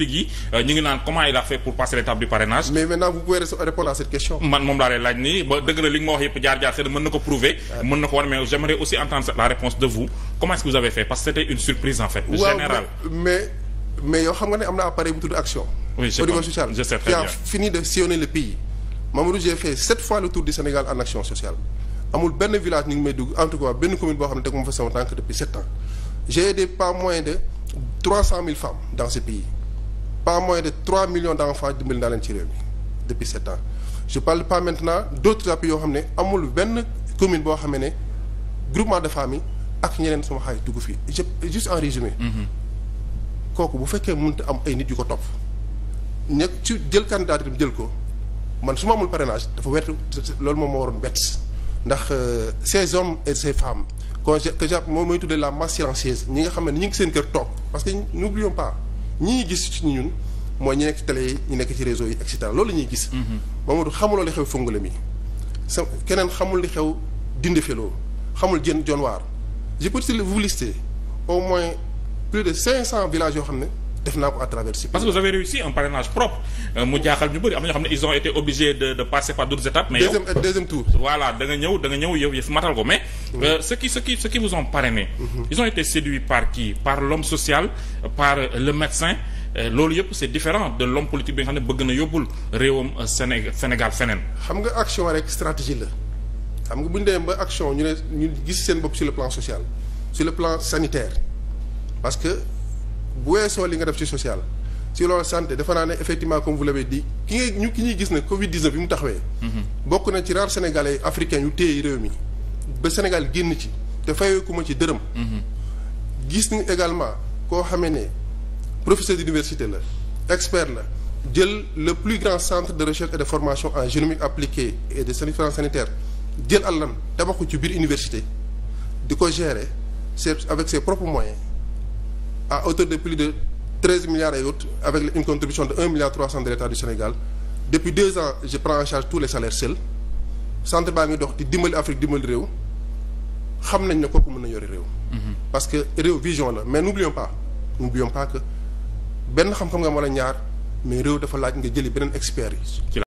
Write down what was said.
politique yi euh, ñu ngi naan comment il a fait pour passer l'étape du parrainage. mais maintenant vous pouvez répondre à cette question. man moom laa lay laaj nii dëgg la li nga wax yëpp jaar-jaar seen mën na ko prouver. mën na ko wan mais j'aimerais aussi entendre la réponse de vous comment est-ce que vous avez fait parce que c'était une surprise en fait. générale mais yow xam nga ne am na appareil bu tudd action. oui au niveau social je fini de sillonner le pays. Mamadou j'ai fait sept pas mois de 3 millions d' enfants dimbali naa leen ci réew mi depuis sept ans je parle pas maintenant d' autres appui yoo xam ne amul benn commune boo xam ne groupement de famille ak ñeneen suma xaay dugg fii je juste en résumé. Mhm. kooku bu fekkee mënut am ay nit yu ko topp. ñëpp ci jël candidat itam jël ko man su ma amul parrainage dafa wert loolu moom moo waroon bett ndax euh, ces hommes et ces femmes que que j' moom mooy tuddee la masse silencieuse ñi nga xam ne ñu ngi seen kër toog parce que n'oublions pas. ñii gis ci ñun mooy ñu nekk ci télé yi ñu nekk ci réseau yi et cetera loolu ñuy gis. Mm-hmm. Mamadou xamuloo li xew Fongolem yi sa keneen xamul li xew Dindéfelo xamul jën John Waar je peux vous lister au moins plus de 500 villages yoo xam ne. def naa ko à euh, par d'autres étapes. mais euh, deuxième tour. voilà da ñëw da ñëw yow yëf matal ko mais. Euh, ceux qui ceux qui ceux qui vous ont parrainé. Mhm. ils ont été séduits par qui par l'homme social par euh, le médecin euh, loolu yëpp c'est différent de l'homme politique bi nga xam ne bëgg na yóbbul réewam euh, Séné Sénégal feneen. xam nga action rek stratégie la xam nga bu ñu demee ba action ñu ne ñu gis seen bokk sur le plan social sur le plan sanitaire parce que bu weesoo li nga def ci social ci loolu santé dafa naa ne effectivement comme vous l'avez dit ki nga ñu ki ñuy gis ne Covid bi mu taxawee. Mhm. bokk na ci rares sénégalais africains yu téye réew mi. ba Sénégal génn ci te fayeeku ci dërëm. Mhm. gis ni également koo xamee ne professeur d'université la expert la jël le plus grand centre de recherche et de formation en génomique appliquée et de sciences sanitaires jël àllam tabax ci biir université di ko gérer c'est avec ses propres moyens à hauteur de plus de treize milliards et autres avec une contribution de un milliard trois cent de l'État du Sénégal depuis deux ans je prends en charge tous les salaires centre baa ngi dox di dimbali Afrique dimbali réew xam nañ ne ko mën na yore réew. Mhm. parce que réew vision la mais n'oublions pas n'oublions pas que benn xam-xam nga wala ñaar mais réew dafa laaj nga jëli beneen expert yi.